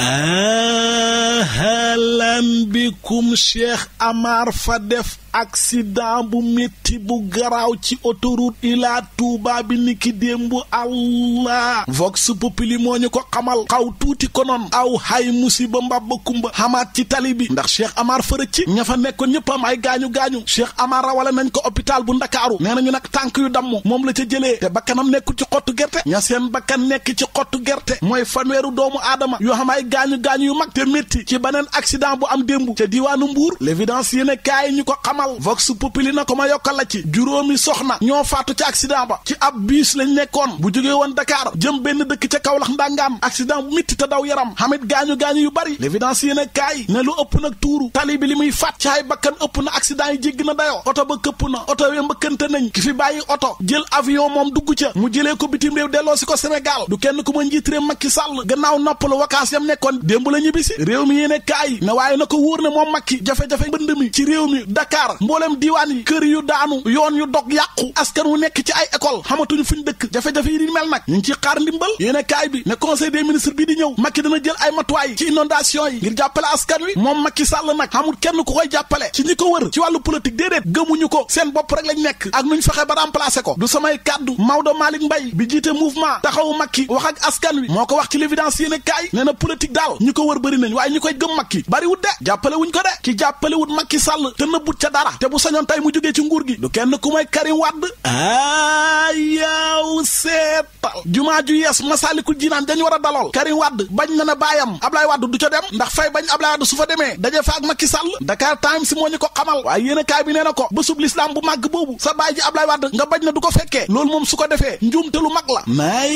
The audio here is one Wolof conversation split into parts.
أهلا بكم شيخ أمار فدف accident bu métti bu garaaw ci autoroute Ila Touba bi niki démb allah vox populi moo ñu ko xamal xaw tuuti konoon aw hay musiba mbab ba kumba xamaat ci tali bi ndax Cheikh amaar fërëj ci ña fa nekkoon ñëpp am ay gaañu-gaañu Cheikh Amar rawale nañ ko hôpital bu Ndakaaru nee ñu nag tànk yu damm moom la ca jëlee te bakkanam nekkul ci xottu gerte ña seen bakkan nekk ci xottu gerte mooy fanweeru doomu aadama yoo xam ay gaañu-gaañu yu mag te métti ci beneen accident bu am démb ca diiwaanu Mbuur l'évidence yéene kaay ñu ko xamal dal vox populi na ko ma yokkal la ci juróomi soxna ñoo faatu ci accident ba ci ab biis lañ nekkoon bu jógee woon Dakar jëm benn dëkk ca Kaolack ndangaan accident bu mitti te daw yaram xamit gaañu-gaañu yu bari l'évidence yéen a kaay ne lu ëpp nag tuuru tali bi li muy faat ci ay bakkan ëpp na accident yi jégg na dayoo oto ba këpp na oto we mbëkkante nañ ki fi bàyyi oto jël avion moom dugg ca mu jëlee ko bitim réew delloo si ko Sénégal du kenn ku ma njiit réew Macky Sall gannaaw noppalu wakaas yam nekkoon démb la ñibbisi réew mi yéen a waaye na ko wóor ne moom Macky jafe-jafe mbënd mi ci réew mi Dakar Dakar mbooleem diiwaan yi kër yu daanu yoon yu dog yàqu askan wu nekk ci ay école xamatuñu fu ñu dëkk jafe-jafe yi di mel nag ñu ngi ciy xaar ndimbal yéen kaay bi ne conseil des ministres bi di ñëw Macky dana jël ay matuwaay ci inondation yi ngir jàppale askan wi moom Macky Sall nag xamul kenn ku koy jàppale ci ñi ko wër ci wàllu politique déedéet gëmuñu ko seen bopp rek lañ nekk ak nuñ fexe ba remplacer ko du samay kàddu Maodo Malick mbay bi jiite mouvement taxawu Macky wax ak askan wi moo ko wax ci l'évidence yéen kaay nee na politique ko wër bëri nañ waaye ñi koy gëm Macky bariwut de jàppale wuñ ko de ki jàppale wut Macky Sall te nëbbut ca dara te bu sañoon tay mu joge ci nguur gi du kenn ku may Karim wad ayaw setal juma ju yes masaliku jinan dañ wara dalol dalool Karim Wade bañ na na bayam ablay wad du ci dem ndax fay bañ ablay wad su fa demee dajé fa ak Macky Sall Dakar Times si ñu ko xamal way yéen kay bi nee ko bu sub l'islam bu mag bobu sa baay ji Ablaye Wade nga bañ na du ko fekke loolu mom su ko njum te lu mag la may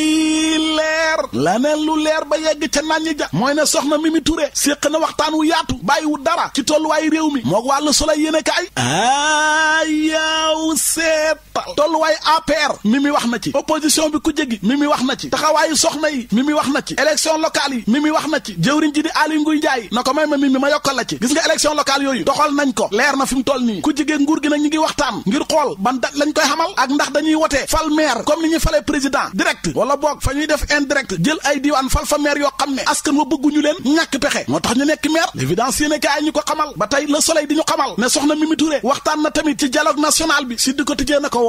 leer la mel lu leer ba yegg ci nañ ja moy na soxna Mimi Touré sekk na waxtan wu yaatu bayiwu dara ci tolluwaayu réew mi moog wàllu soleil yéen a Ai, eu é sei. Fall tolluwaay APR mi mi wax na ci opposition bi ku jéggi mi mi wax na ci taxawaayu soxna yi mi mi wax na ci élection locale yi mi mi wax na ci jëwriñ ji di Aliou Nguy Ndiaye na ko may ma mi mi ma yokkal la ci gis nga élection locale yooyu doxal nañ ko leer na fi mu toll nii ku jigee nguur gi nag ñi ngi waxtaan ngir xool ban dat lañ koy xamal ak ndax dañuy wotee fal maire comme ni ñu falee président direct wala boog fa ñuy def indirect jël ay diiwaan fal fa maire yoo leen ñàkk pexe moo tax ñu nekk maire l'évidence yéene kaay ñu ko xamal ba tey le soleil di ñu tamit ci dialogue national bi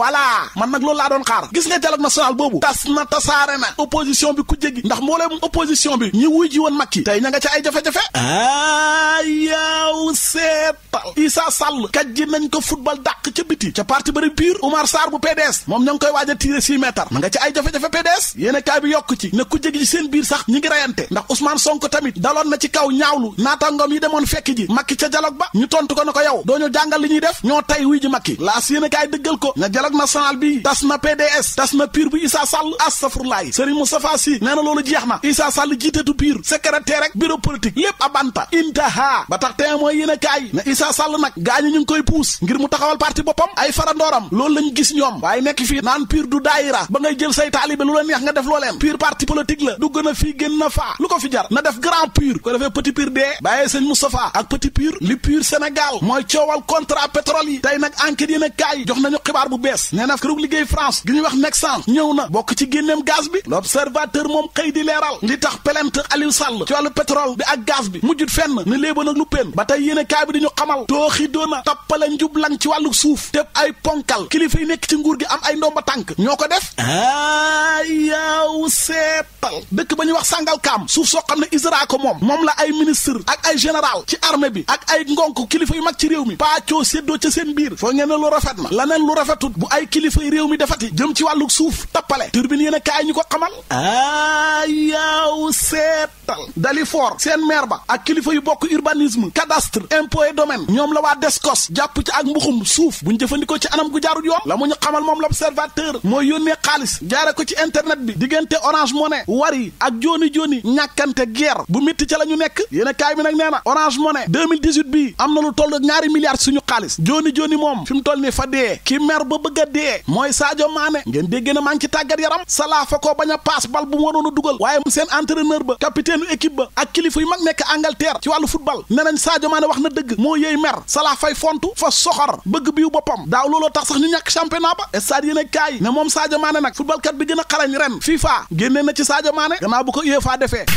wala man nak loolu la doon xaar gis nga dialogue national bobu tas na tasare na opposition bi ku jegi ndax mbooleem opposition bi ñi wuy ji won makki tay nga ci ay jafé jafé ah yow seetal Issa Sall kaj ji nañ ko football dak ci biti ci parti bari pur Oumar sar bu PDS mom ñang koy waja tirer 6 six mètres nga ci ay jafé jafé PDS yene kaay bi yok ci ne ku jegi ci seen biir sax ñi ngi rayante ndax Ousmane Sonko tamit dalon na ci kaw ñaawlu ngom yi demone fekk ji makki ca dialogue ba ñu tontu ko nako yow doo ñu li ñi def ño tay wuy ji makki la seen kay deggal ko na dialogue tasma sanal bi tasma PDS tasma pir PUR bu Issa Sall astafurlaay Serigne Moustapha Sy nee lolu jeexna Issa Sall jiitetu PUR secrétaire rek bureau politique lépp abanta intaha ba tax tay moy yene kay na Issa Sall nak gañu ñu koy pousse ngir mu taxawal parti bopam ay farandooram lolu lañu gis ñom waaye nekk fi nan pir du daerah ba ngay jël say taalibe lu la neex nga def lolem pir parti politique la dugg na fi na fa lu ko fi jar na def grand pir ko defee petit PUR dee bàyyee sëñ Moustapha ak petit pir li pir Sénégal moy ciowal contrat pétrole yi tay nak enquête yene kay jox nañu xibaar bu bess Thiès nee na kërug liggéey France gi ñuy wax Nexans ñëw na bokk ci génneem gaz bi l'observateur moom xëy di leeral li tax plainte Aliou Sall ci wàllu pétrole bi ak gaz bi mujjut fenn ni léeba nag lu ba tey yéene kaay bi di ñu xamal tooxi doona toppale njublan ci wàllu suuf te ay ponkal kilifa yi nekk ci nguur gi am ay ndomba tànk ñoo ko def a yaaw seetal dëkk ba ñuy wax sàngal kaam suuf soo xam ne ISRA ko moom moom la ay ministre ak ay général ci armée bi ak ay ngonk kilifa yu mag ci réew mi paacoo séddoo ca seen biir foo ngeen ne lu rafet na laneen lu rafetut bu ay kilifa kilifay réew mi defati jëm ci wàllu suuf tappale turbine yéen a ñu ko xamal a yaaw seetal dali fort seen maire ba ak kilifa yu bokk urbanisme cadastre impôt domaine ñoom la waa descos jàpp ci ak mbuxum suuf buñ jëfandikoo ci anam gu jaarul yoon la mu ñu xamal moom l'observateur mooy yónnee xaalis jaare ko ci internet bi diggante orange monnaie wari ak jooni jooni ñàkkante guerre bu métti ca la ñu nekk yéen a kaay bi nag nee na orange monnaie 2018 bi am na lu toll ñaari milliards suñu xaalis jooni jooni moom fi mu toll ni fa dee ki ba bëgg bëgg a dee mooy Sadio Mané ngeen dégg na maa ngi ci tàggat yaram Salah fa ko bañ a paas bal bu mu waroon a dugal waaye seen entraîneur ba capitaine équipe ba ak kilifa yu mag nekk Angleterre ci wàllu football ne nañ wax na dëgg moo yëy mer Salah fay fontu fa soxor bëgg biu boppam daaw looloo tax sax ñu ñàkk championnat ba stade yéen kaay ne moom Sadio Mané nag footballkat bi gën a xarañ ren FIFA génnee na ci Sadio Mané gannaaw bu ko UEFA defee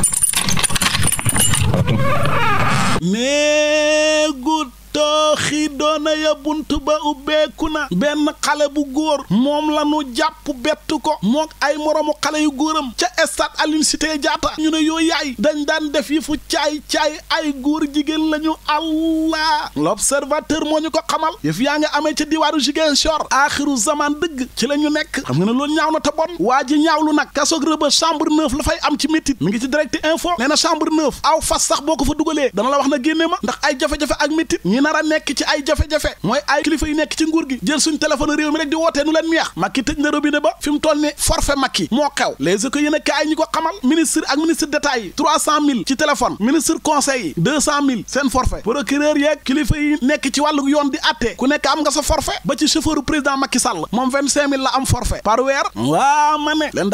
nee gut tooxi doona ya bunt ba ubbeeku na benn xale bu góor moom la nu jàpp bett ko moo ay moroomu xale yu góoram ca stade Aline Sitoé Diatta ñu ne yooyu yaay dañu daan def yi fu caay-caay ay góor jigéen la ñu allah l'observateur moo ñu ko xamal yëf yaa nga amee ca diwaaru Ziguinchor aaxiru zaman dëgg ci la ñu nekk xam nga ne loolu ñaaw na te bon waa ji ñaawlu nag kasoog rëba chambre neuf la fay am ci métit mi ngi ci direct info nee na chambre neuf aw fas sax boo ko fa dugalee la wax na génne ma ndax ay jafe ak métit nara nekk ci ay jafe-jafe mooy ay kilifa yi nekk ci nguur gi jël suñ téléphone réew mi rek di wootee nu leen neex Macky tëj na robinet ba fi mu toll ni forfait Macky moo xew les écoles yéen a kaay ñi ko xamal ministre ak ministre d'état yi trois cent mille ci téléphone ministre conseil yi deux seen forfait procureur yeeg kilifa yi nekk ci wàllu yoon di atte ku nekk am nga sa forfait ba ci chauffeur président Macky Sall moom vingt cinq mille la am forfait par weer waa ma ne leen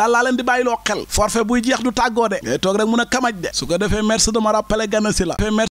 de